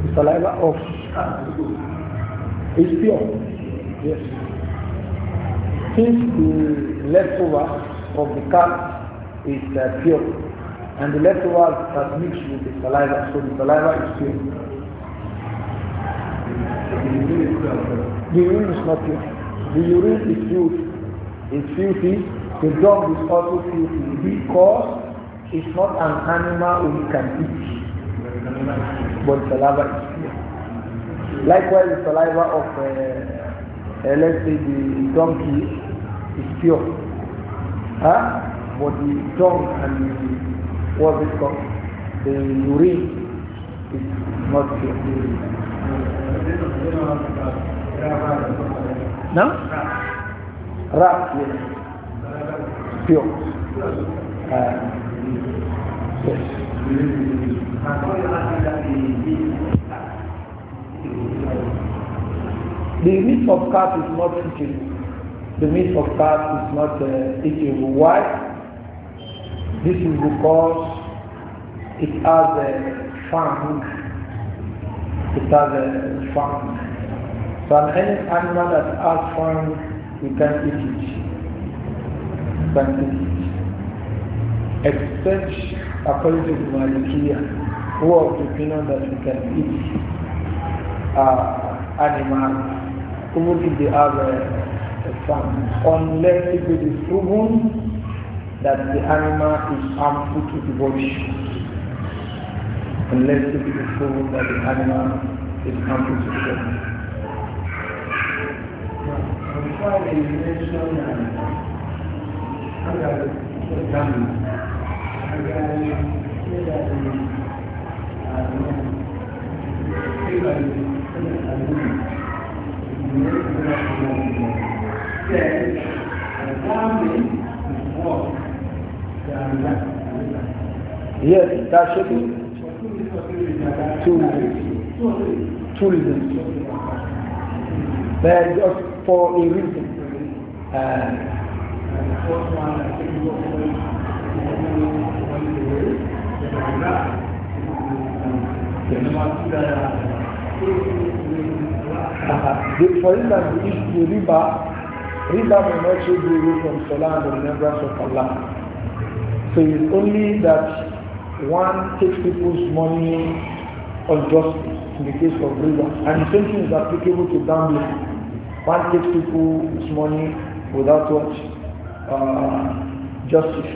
The saliva of is pure. Yes. Since the leftover of the cat is uh, pure, and the leftover has mixed with the saliva, so the saliva is pure. The urine is not pure. The urine is filthy. It's filthy the dog is also filthy because it's not an animal we can eat. But saliva is pure. Likewise, the saliva of, uh, uh, let's say, the donkey is pure. Huh? But the dog and the, what is called? The urine is not pure. No? Rat, yes pure. Uh, yes. The meat of calf is not eating. The meat of calf is not uh, eatable. Why? This is because it has a fang. It has a fang. So any animal that has fang, you can eat it scientific, except according to the Malikiya, who are the opinion that we can eat uh, animals, even if they have a, a unless it is proven that the animal is harmful to the body. Unless it is proven that the animal is harmful to the body. Yes, that should be two two reasons. But just for a reason. Uh, and the fourth one, I think you to the the For instance, if you river, riba may not you away from Salah and the remembrance of Allah. So it's only that one takes people's money unjustly in the case of river, And the same thing is applicable to gambling. One takes people's money without what uh, justice.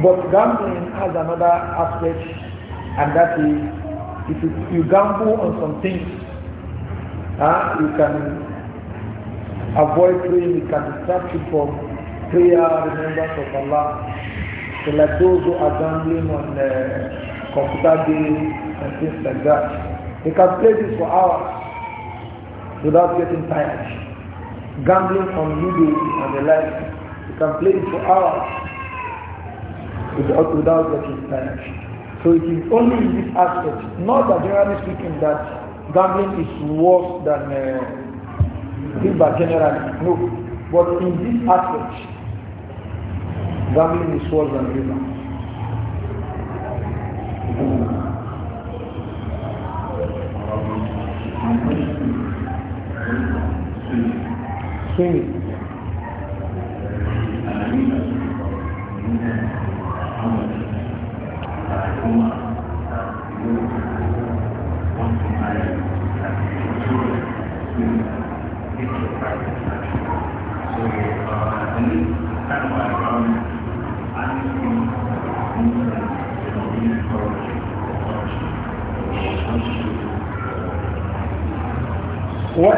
But gambling has another aspect, and that is if you, you gamble on some things, uh, you can avoid praying, you can distract you from prayer, remembrance of Allah. So like those who are gambling on uh, computer games and things like that, they can play this for hours without getting tired. Gambling on YouTube and the like can for hours without, uh, without getting punished. So it is only in this aspect, not that generally speaking that gambling is worse than uh, generally, no. But in this aspect, gambling is worse than riba. Swinging.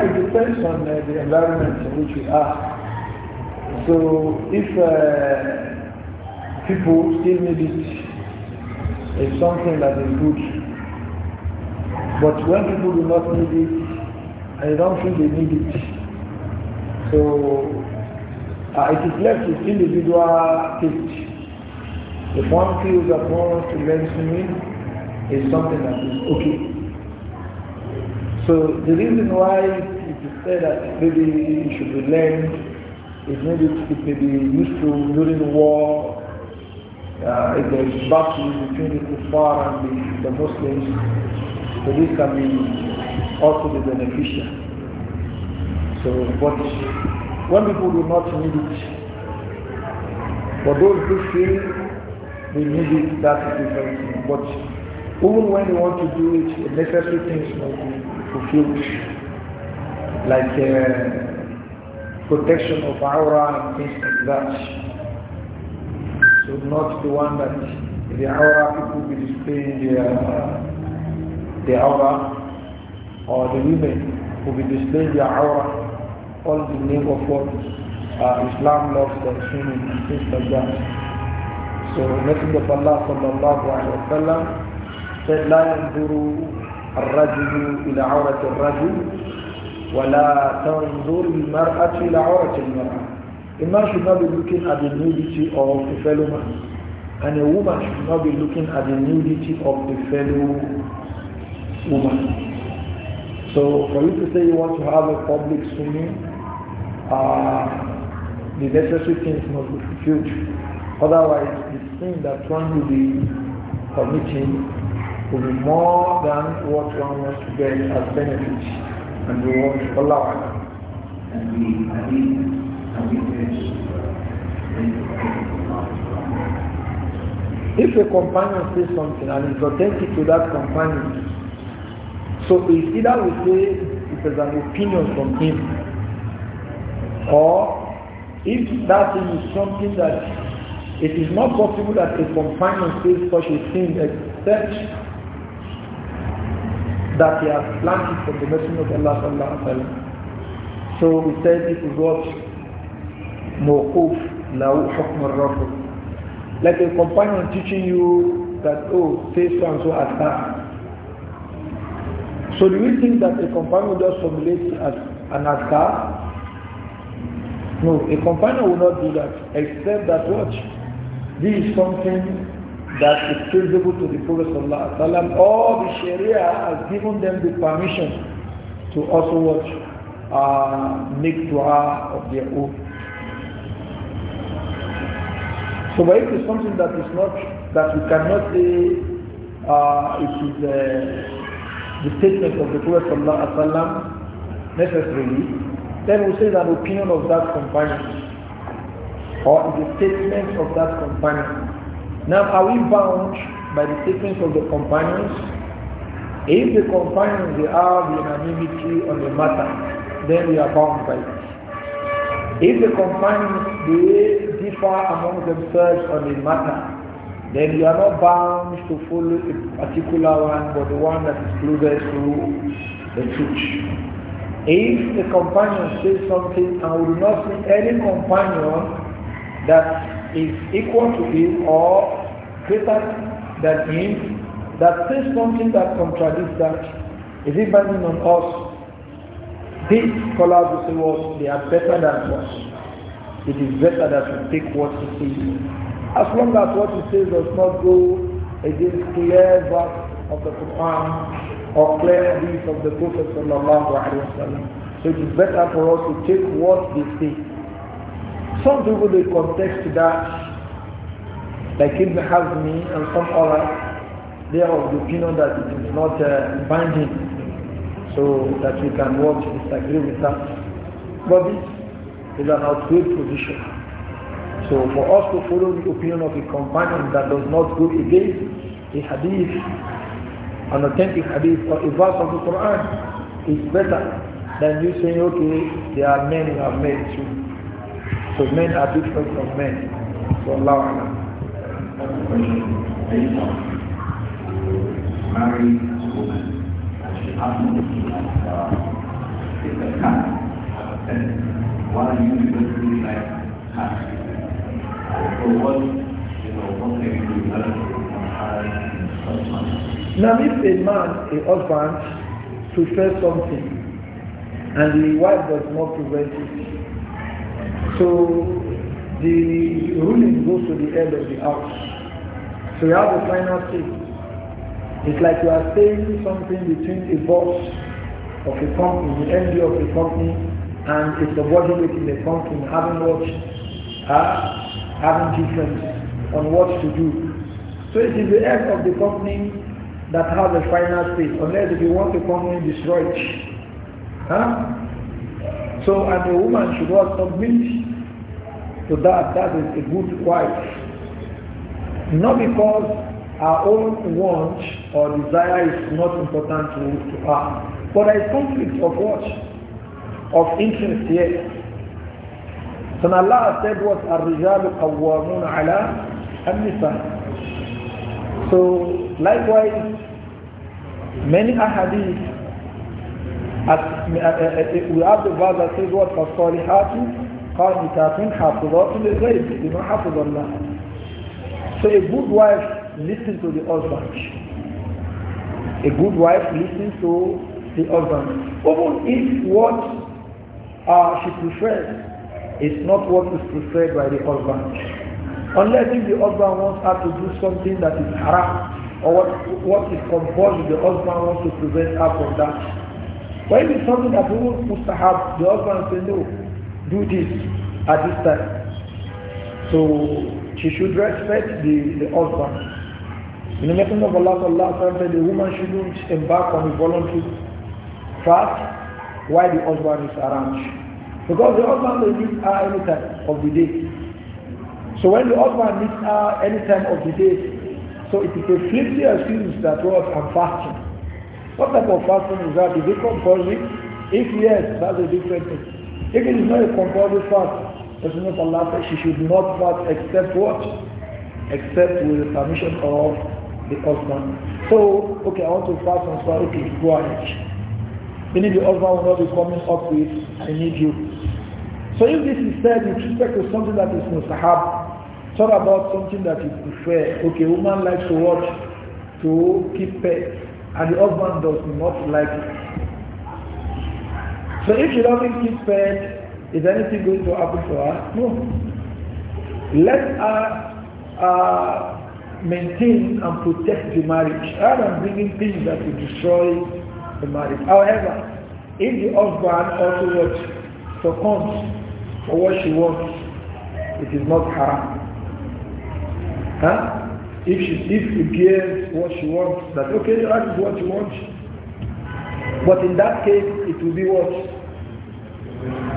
it depends on uh, the environment in which we are. So if uh, people still need it, it's something that is good. But when people do not need it, I don't think they need it. So uh, it is left with individual taste. If one feels that one wants to learn swimming, is something that is okay. So the reason why it is said that maybe it should be learned, it may be, it may be useful during the war, uh, if there is battle between the kuffar and the, the Muslims, so this can be also be beneficial. So, but when people do not need it, for those who feel they need it, that is different thing. But even when they want to do it, the necessary things must be fulfilled like uh, protection of aura and things like that. So not the one that the aura people will be displaying their, uh, the aura or the women who will be displaying their aura all the name of what uh, Islam loves the swimming and things like that. So Messenger of Allah sallallahu alayhi wa sallam said, لا ينظر الرجل إلى عورة الرجل وَلَا تَنْظُرِ الْمَرْأَةِ الْمَرْأَةِ A should not be looking at the nudity of a fellow man. And a woman should not be looking at the nudity of a fellow woman. So for you to say you want to have a public swimming, uh, the necessary things must be fulfilled. Otherwise, the sin that one will be committing will be more than what one wants to get as benefits and we want to allow it. And we need and we uh, if a companion says something and is authentic to that companion, so it's either we say it is an opinion from him, or if that thing is something that it is not possible that a companion says such a thing except that he has planted for the mercy of Allah sallallahu alaihi wasallam. So we said this is what موقوف له حكم الرب. Like a companion teaching you that oh say so and so as that. So do you think that a companion just formulates as an askar? No, a companion will not do that except that what? This is something that is feasible to the Prophet ﷺ or the Sharia has given them the permission to also watch, uh, make dua of their own. So but if it's something that is not, that we cannot say uh, it is uh, the statement of the Prophet ﷺ necessarily, then we say that opinion of that companion or the statement of that companion. Now, are we bound by the statements of the companions? If the companions they have unanimity on the matter, then we are bound by it. If the companions they differ among themselves on the matter, then you are not bound to follow a particular one, but the one that is closest to the truth. If the companion says something, I will not see any companion that is equal to him or greater than him that says something that contradicts that. Is it binding on us? These scholars will say, well, they are better than us. It is better that we take what he says. As long as what he says does not go against clear verse of the Quran or clear hadith of the Prophet sallallahu alaihi wasallam. So it is better for us to take what they say some people they contest that, like Ibn Hazmi and some other, they are of the opinion that it is not uh, binding, so that we can watch disagree with that. But this is an outweighed position. So for us to follow the opinion of a companion that does not go against a hadith, an authentic hadith or a verse of the Quran is better than you saying, okay, there are men who have made too. So men are different from men. So Allah Allah. Married woman, she has no it's a cat. And one like cat. So what, you know, what can you do on Now if a man, a husband, prefers something and the wife does not prevent it, so the ruling goes to the head of the house. So you have the final say. It's like you are saying something between a boss of a company, the MD of a company, and a subordinate in the company having what, uh, having difference on what to do. So it is the head of the company that has the final say, unless if you want the company destroyed. Huh? So, and the woman should not submit to that that is a good wife. Not because our own want or desire is not important to, to her, but there is conflict of what? Of interest here. So Allah said what الرجال قوامون على النساء. So likewise, many ahadith as, uh, uh, uh, we have the verse that says what فالصالحات قانتات حافظات للغيب بما حفظ الله So a good wife listens to the husband. A good wife listens to the husband. Even if what uh, she prefers is not what is preferred by the husband. Unless if the husband wants her to do something that is haram or what, what is compulsory, the husband wants to prevent her from that. But if it's something that wants to have, the husband say no do this at this time. So she should respect the, the husband. In the Messenger of Allah Sallallahu said the woman shouldn't embark on a voluntary fast while the husband is around. Because the husband will meet her any time of the day. So when the husband meets her any time of the day, so it is a flimsy excuse that was I'm fasting. What type of fasting is that? Is it compulsory? If yes, that's a different thing. If it is not a compulsory fast, Rasulullah Allah said she should not fast except what? Except with the permission of the husband. So, okay, I want to fast on Salah. Okay, go ahead. Meaning the husband will not be coming up with, I need you. So if this is said with respect to something that is mustahab, talk about something that you prefer. Okay, woman likes to watch, to keep pets, and the husband does not like it. So if you do not keep faith, is anything going to happen to us? No. Let us uh, maintain and protect the marriage rather than bringing things that will destroy the marriage. However, if the husband also wants, succumbs for what she wants, it is not haram. Huh? If she if he give what she wants, that okay, that is what you want, but in that case, it will be what?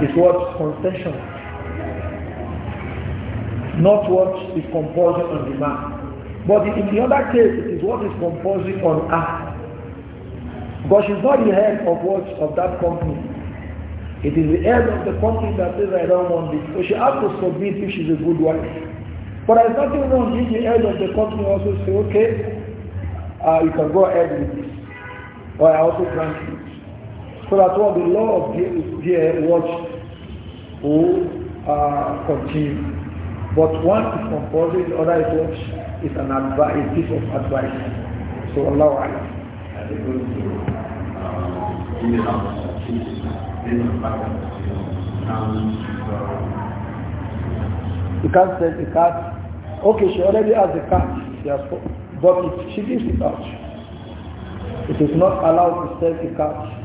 It's what? Concession. Not what is composing on demand. But in the other case, it is what is composing on us. Because she's not the head of what? Of that company. It is the head of the company that says, I don't want this. So she has to submit if she's a good wife. But I nothing wrong if the head of the company also say, okay, uh, you can go ahead with this. Or I also grant you. So that all the law of here, watch who uh, continue. But one is compulsory, the other is what is an advice, a piece of advice. So Allah Alam. You can't sell the cat. Okay, she already has the cat. She has She gives it out. It is not allowed to sell the cat.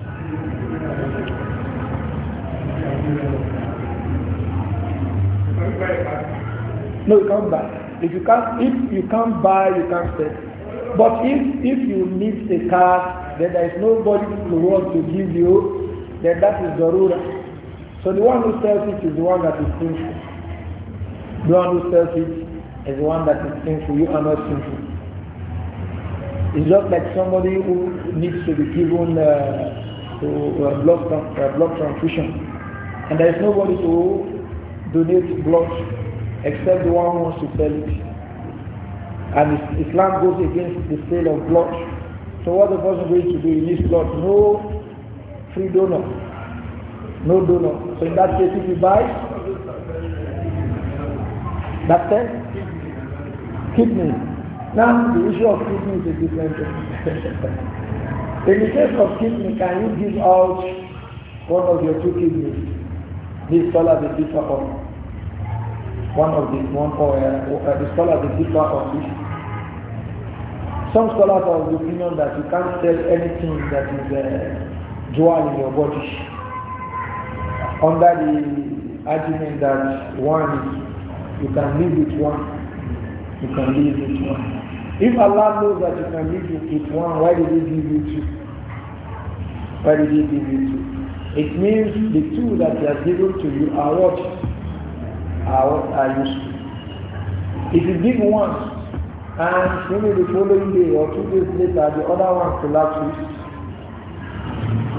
No, you can't buy. If you can't, if you can't buy, you can't sell. But if if you need a car, then there is nobody in the world to give you, then that is the rule. So the one who sells it is the one that is sinful. The one who sells it is the one that is sinful. You are not sinful. It's just like somebody who needs to be given. Uh, to uh, blood, uh, blood transfusion. And there is nobody to donate blood except the one who wants to sell it. And Islam goes against the sale of blood. So what the person going to do in this blood? No free donor. No donor. So in that case, if you buy, that's it. Kidney. Now, the issue of kidney is a different thing. In the case of kidney, can you give out one of your two kidneys? This scholar the differ on one of these, one or uh, uh, the scholar the differ on this. Some scholars are of the opinion that you can't sell anything that is uh, dual in your body. Under the argument that one, you can live with one, you can live with one. If Allah knows that you can live with one, why did He give you two? Why did He give you two? It means the two that He has given to you are what are, what are useful. If you give one and maybe the following day or two days later the other one collapses,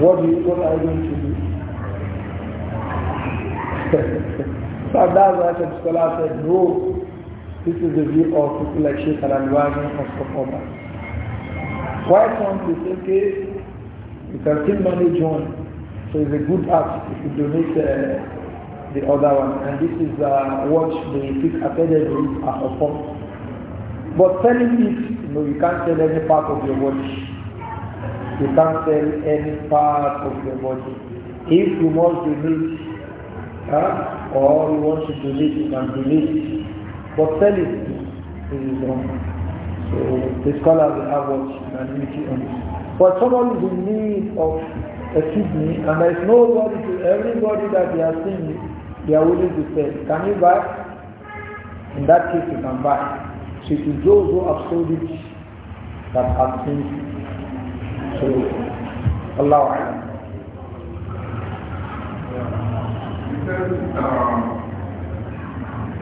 what do you what are you going to do? so that's why the scholar said, no, this is the view of people like Sheikh Al-Alwani and some others. Why some they say, okay, you can still manage one. So it's a good act if you donate uh, the other one. And this is uh, what the Sikh academies are upon. But selling it, you know, you can't sell any part of your body. You can't sell any part of your body. If you want to donate, huh, or you want to donate, you can donate but selling is wrong. So the scholar will have what unanimity on this. But someone is in need of a kidney and there is nobody to everybody that they are seeing, they are willing to say, Can you buy? In that case you can buy. So it is those who have sold it that have seen. So Allah. Yeah. Um,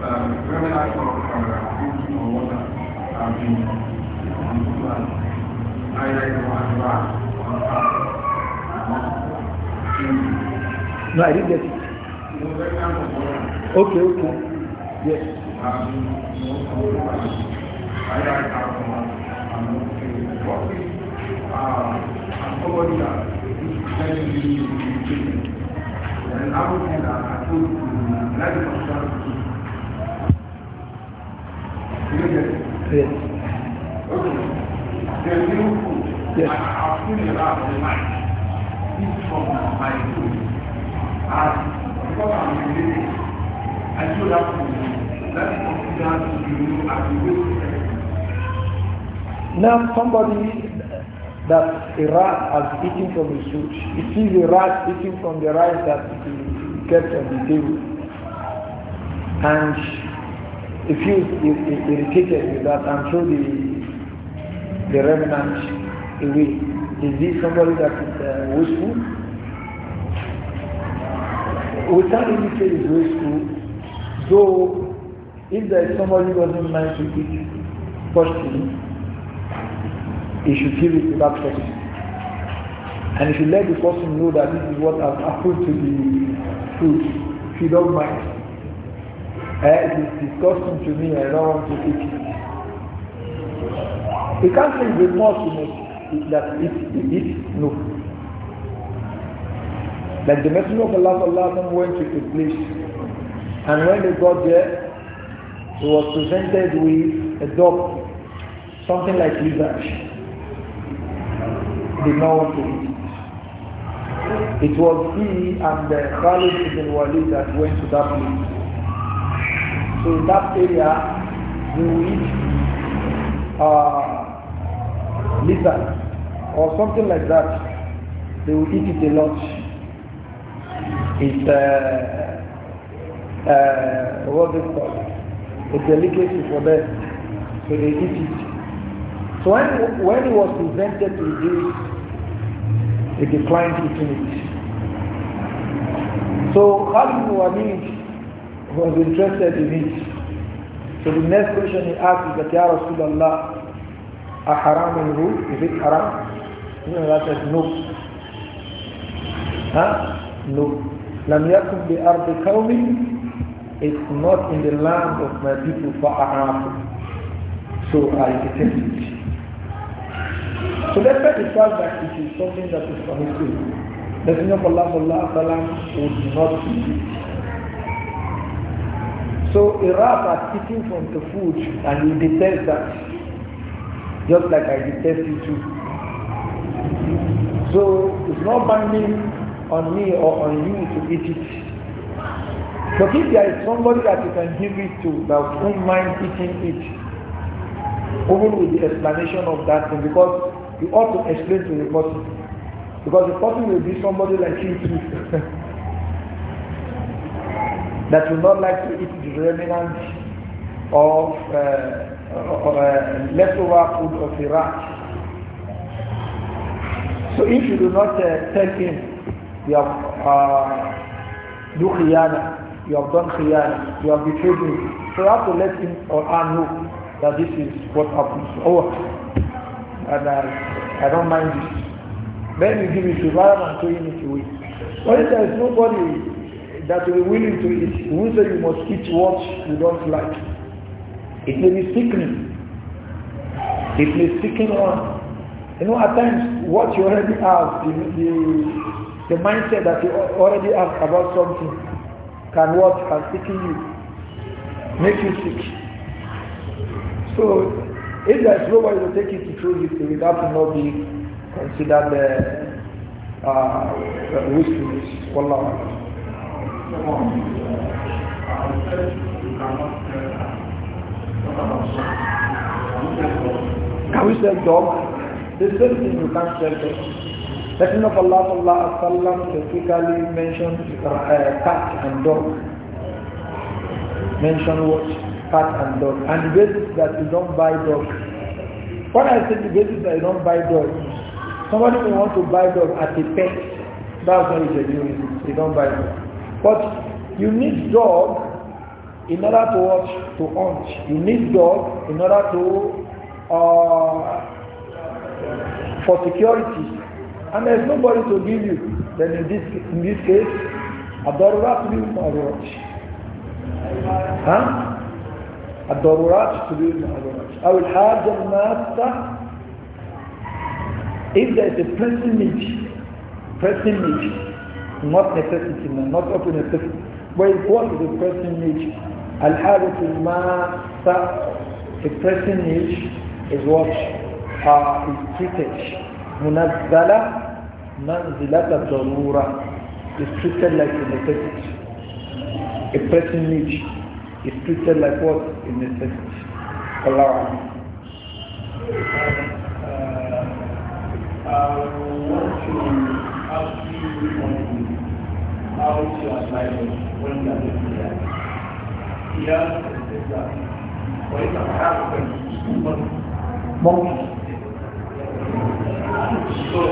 Uh, no, I didn't get it. Okay, okay. Yes. Somebody Yes. Yes. Okay. food. Yes. I have seen a lot the night. Eat from my food. And because I'm related, I show that food. That is considered to be new as a waste. Now somebody that a rat has eaten from his food. You see the rat eating from the rice that he kept on the table. And if irritated with that and throw the, the remnant away. Is this somebody that is uh, wasteful? We can't really say is wasteful, So if there is somebody who doesn't mind to eat firstly, he should give it back first. And if you let the person know that this is what I've offered to be. food, if you don't mind, eh, it is disgusting to me, I don't want to eat it. country can't remorse in it, that it is it, no. Like the Messenger of Allah, Allah went to the place, and when they got there, he was presented with a dog, something like lizard. Did not want to eat it. It was he and the uh, Khalid ibn Walid that went to that place. So in that area, they eat uh, lizard or something like that. They will eat it a lot. It's uh, uh, what is called? A delicacy for them. So they eat it. So when, when it was presented to this, they declined eating it. So I mean? was interested in it. So the next question he asked is that, Ya Rasulallah, a haram is it haram? You know, that said, no. Huh? No. لم bi بأرض قوم It's not in the land of my people for haram. So I detest it. So that's why the fact that it is something that is permissible. The Messenger of Allah sallallahu would not be so a rat are eating from the food and he detests that. Just like I detest it too. So it's not binding on me or on you to eat it. But if there is somebody that you can give it to that won't mind eating it, even with the explanation of that thing, because you ought to explain to the person. Because the person will be somebody like you too. that will not like to eat the remnants of uh, uh, leftover food of Iraq. So if you do not uh, tell him you have uh, do khiyana, you have done khiyana, you have betrayed so you have to let him or I know that this is what happens. Oh, and I, I don't mind this. Then you give it to rather than if it away. But if there is nobody that will be willing to eat. We say you must eat what you don't like. It may be sickening. It may sicken one. You know, at times, what you already have, the, the, the mindset that you already have about something, can what can sicken you, make you sick. So, if there is nobody to take it to throw it, it will have to not be considered uh, uh, wastefulness. Wallahu can we sell dog? The same thing you can't sell dog. Second of Allah Sallallahu Alaihi specifically mentioned uh, cat and dog. Mentioned what? Cat and dog. And the basis that you don't buy dog. When I say the basis that you don't buy dog, somebody may want to buy dog at a pet. That's not genuine. You don't buy dog. But you need dog in order to watch, to hunt. You need dog in order to uh, for security. And there's nobody to give you. Then in this in this case, will be ها؟ الضرورات I will have the master. If there is a pressing need, pressing need, not necessity, not up to necessity. But what the person needs, al-hadat al-ma'sa, the person needs is what uh, is treated. Munazzala manzilat al is treated like a necessity. A person needs is treated like what? A necessity. Allah. Uh, uh, I want to ask you how to apply them when we are doing that. Here is that. For it to happen, monkey. So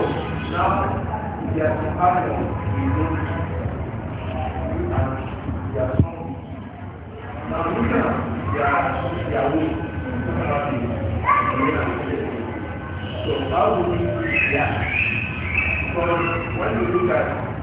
now they are having the monkey and they are zombie. Now look at their their way. So how do we react? Because when we look at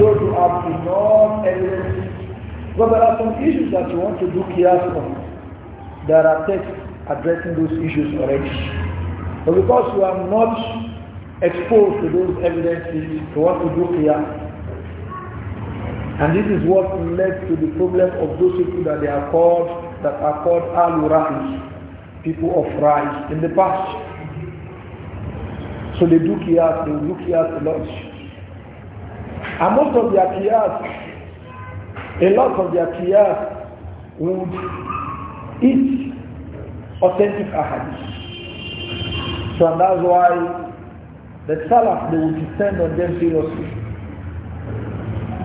those who have enough evidence. But there are some issues that you want to do kiosk on. There are texts addressing those issues already. But because you are not exposed to those evidences, you want to do kiosk. And this is what led to the problem of those people that they are called, that are called al-Rahis, people of rice in the past. So they do kiosk, they do kiosk a lot. And most of their peers, a lot of their peers would eat authentic ahadith. So and that's why the Salaf, they would descend on them seriously.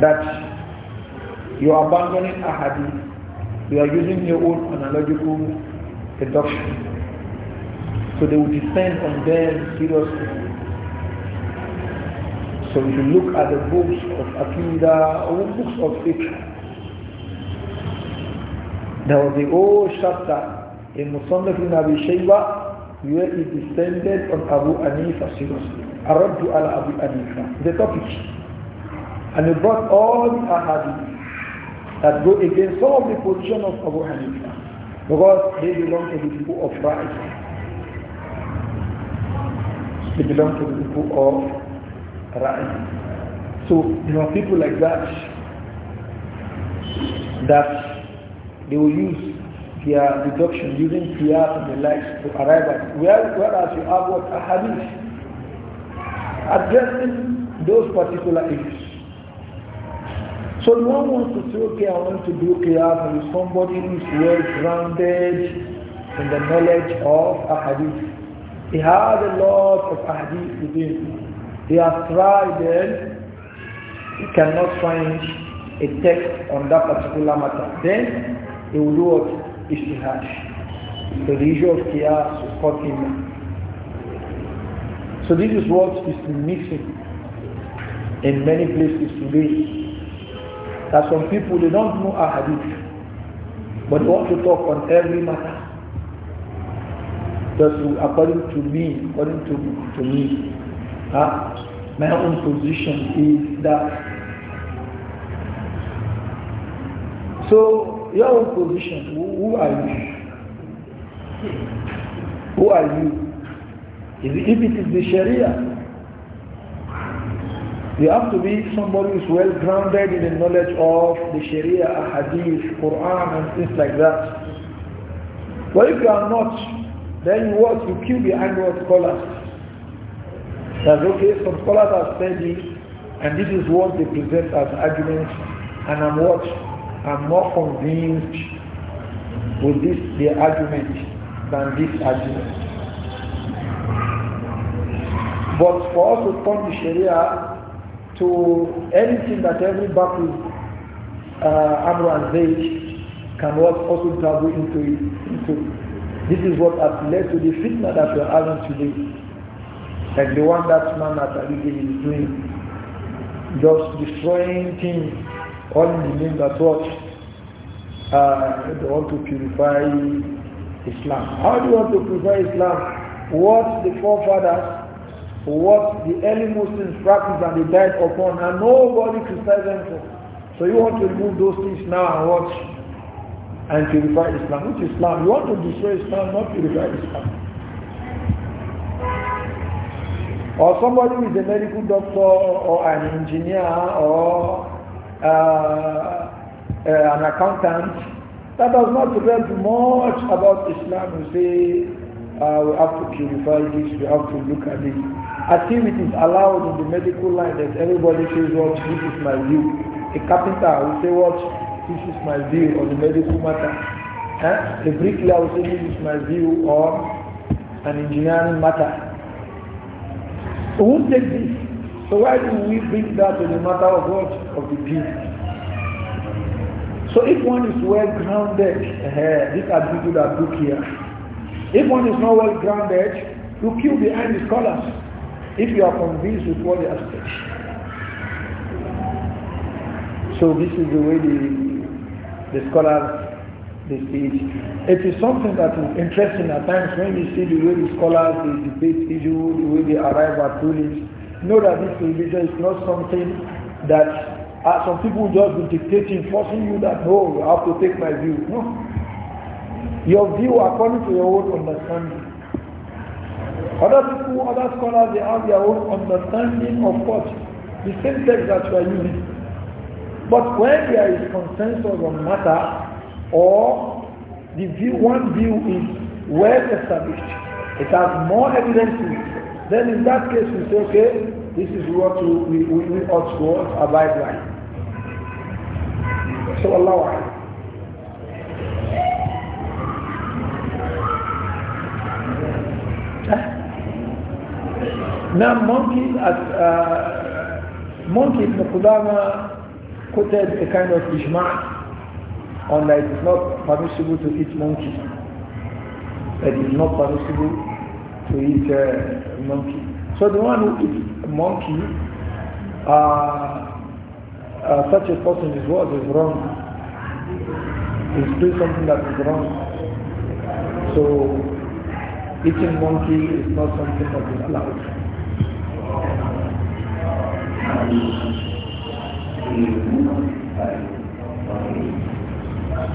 That you are abandoning ahadith, you are using your own analogical deduction. So they would descend on them seriously. So if you look at the books of Aqidah or books of fiction. there was the old chapter in Musannaf ibn Abi Shayba where it descended on Abu Anifa seriously. Arabdu ala Abu Anifa. The topic. And he brought all the ahadith that go against all the position of Abu Hanifa because they belong to the people of right. They belong to the people of Right. So there are people like that that they will use their deduction using qiyas and the likes to arrive at where, whereas you have what a hadith addressing those particular issues. So no one wants to say, okay, I want to do qiyas and somebody is well grounded in the knowledge of a hadith. He has a lot of hadith within they have tried they He cannot find a text on that particular matter. Then they will do to have. So the issue of chaos is caught So this is what is missing in many places today. That some people they don't know a hadith but want to talk on every matter. Just according to me, according to, to me. Huh? My own position is that. So, your own position, who, who are you? Who are you? If it is the Sharia, you have to be somebody who is well grounded in the knowledge of the Sharia, Hadith, Quran, and things like that. But if you are not, then what? You kill behind what scholars. That's okay, some scholars are studying, and this is what they present as arguments, and I'm what? I'm more convinced with this the argument than this argument. But for us to turn the Sharia to anything that every battle uh, Amr Zayd can also travel into it. Into. This is what has led to the fitna that we are having today. Like the one that man at Abidin is doing, just destroying things, all in the name that what? Uh, they want to purify Islam. How do you want to purify Islam? What the forefathers what the early Muslims practiced and they died upon, and nobody criticized them for. So you want to remove those things now and watch and purify Islam. Which Islam? You want to destroy Islam, not purify Islam. Or somebody who is a medical doctor or an engineer or uh, uh, an accountant that does not read much about Islam. We say uh, we have to purify this, we have to look at this. I think it is allowed in the medical line that everybody says what this is my view. A carpenter will say what this is my view on the medical matter. Eh? A bricklayer will say this is my view on an engineering matter who did this? So why do we bring that to the matter of what? Of the peace. So if one is well grounded, uh, eh, these are that book here. If one is not well grounded, you kill behind the scholars if you are convinced with what they are saying. So this is the way the, the scholars it is something that is interesting at times when you see the way the scholars they debate issues, the way they arrive at rulings. Know that this religion is not something that uh, some people just be dictating, forcing you that no, you have to take my view. No. Your view according to your own understanding. Other people, other scholars, they have their own understanding of what? The same text that you are using. But when there is consensus on matter, or the view, one view is well established. It has more evidence to it. Then in that case we say, okay, this is what we, we, we ought to abide by. So Allah. Eh? Now monkey as uh, monkey Ibn Qudama quoted a kind of ijma' on that it is not permissible to eat monkey. That it is not permissible to eat uh, monkey. So the one who eats monkey, uh, uh, such a person is what is wrong. He's doing something that is wrong. So eating monkey is not something that is allowed. Um, can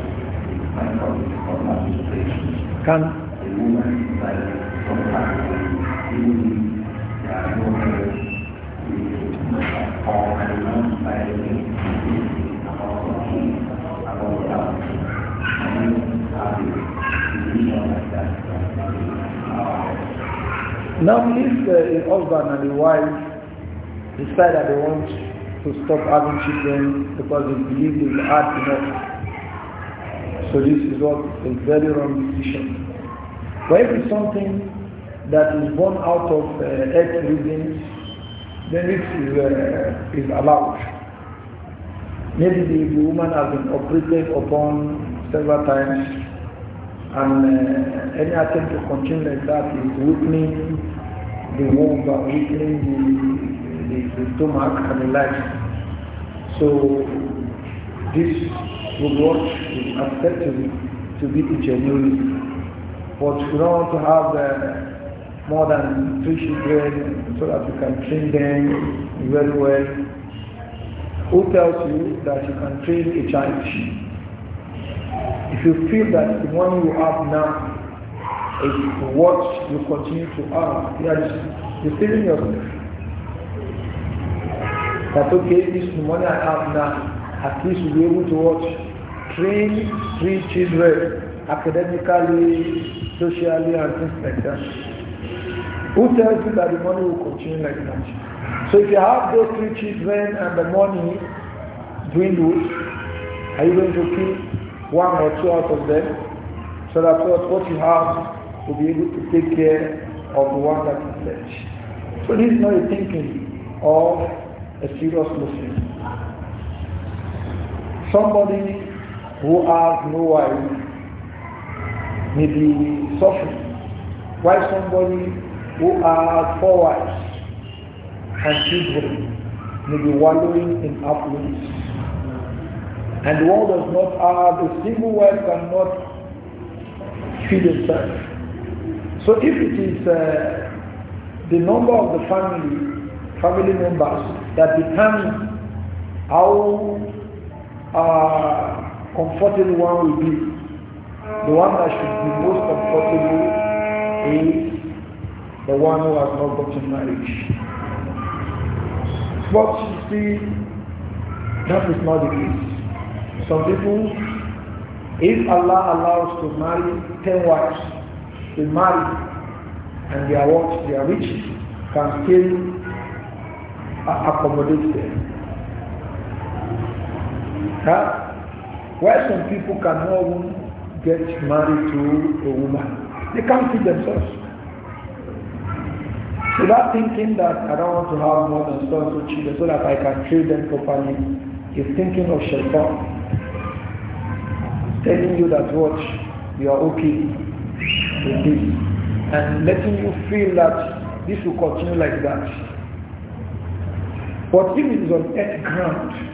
now, if the uh, husband and the wife decide that they want to stop having children because they believe they hard had enough so this is what is very wrong decision. But it's something that is born out of uh, earth reasons, then it is, uh, is allowed. Maybe the, the, woman has been operated upon several times and uh, any attempt to continue like that is weakening the womb, weakening the, the, the stomach and the life. So this would what to be accepted to be the genuine. But we don't want to have more than three children so that you can train them very well. Who tells you that you can train a child? If you feel that the one you have now is what you continue to have, you are feeling yourself. That okay, this money I have now at least we'll be able to watch train three children academically, socially, and things like that. Who tells you that the money will continue like that? So if you have those three children and the money dwindles, are you going to keep one or two out of them? So that what you have will be able to take care of the one that is left. So this is not a thinking of a serious Muslim somebody who has no wife may be suffering, while somebody who has four wives and children may be wandering in affluence. And the one does not have a single wife cannot feed himself. So if it is uh, the number of the family, family members that determine how uh, comfortable one will be. The one that should be most comfortable is the one who has not gotten married. But you see, that is not the case. Some people, if Allah allows to marry 10 wives, they marry and their what, their riches can still accommodate them. Huh? Why some people cannot get married to a woman? They can't feed themselves. Without thinking that I don't want to have more than so and so children so that I can treat them properly is thinking of shaitan. Telling you that what you are okay with this and letting you feel that this will continue like that. But if it is on earth ground,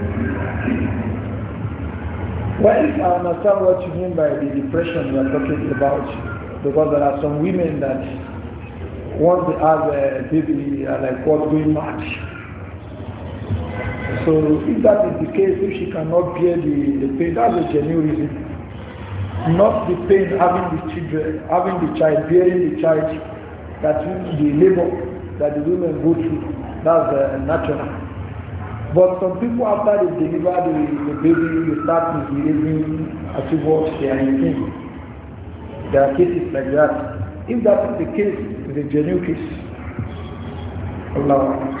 Well, I understand what you mean by the depression you are talking about, because there are some women that once they have a baby, they are like, what's going mad? So if that is the case, if she cannot bear the, the pain, that's a genuine reason. Not the pain having the children, having the child, bearing the child, that the labor that the women go through, that's uh, natural. But some people after they deliver the, the baby, they start misbehaving as what they are insane. There are cases like that. If that is the case, it's a genuine case. Allah.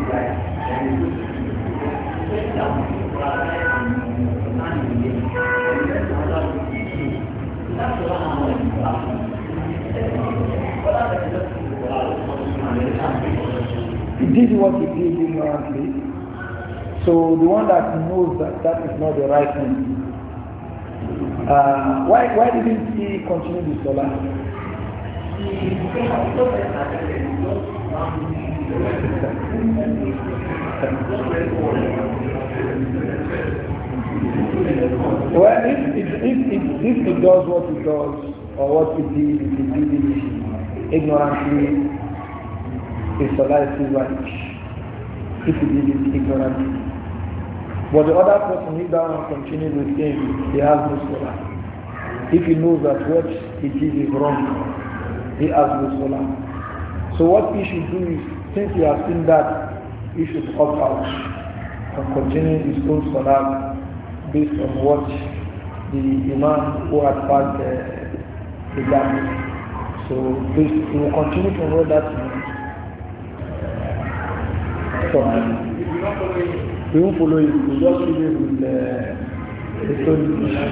He did what he did ignorantly. So the one that knows that that is not the right thing. Uh, why why didn't he continue the solar? Well, if if if, if it does what it does, or what it did, if it did it ignorantly, it's a life is right. If it did it ignorantly. But the other person, he that one continues with him, he has no solar. If he knows that what he did is wrong, he has no solar. So what he should do is since you have seen that, you should opt out and continue his own salah based on what the Imam who had passed uh, the gap. So please, we will continue to hold that. So, we won't follow it, we just leave it with uh, the story.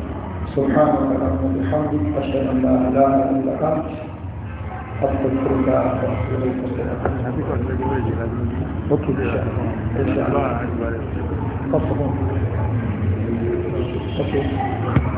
Now, سبحانك اللهم وبحمدك أشهد أن لا إله إلا أنت أستغفرك وأتوب إليك أوكي إن الله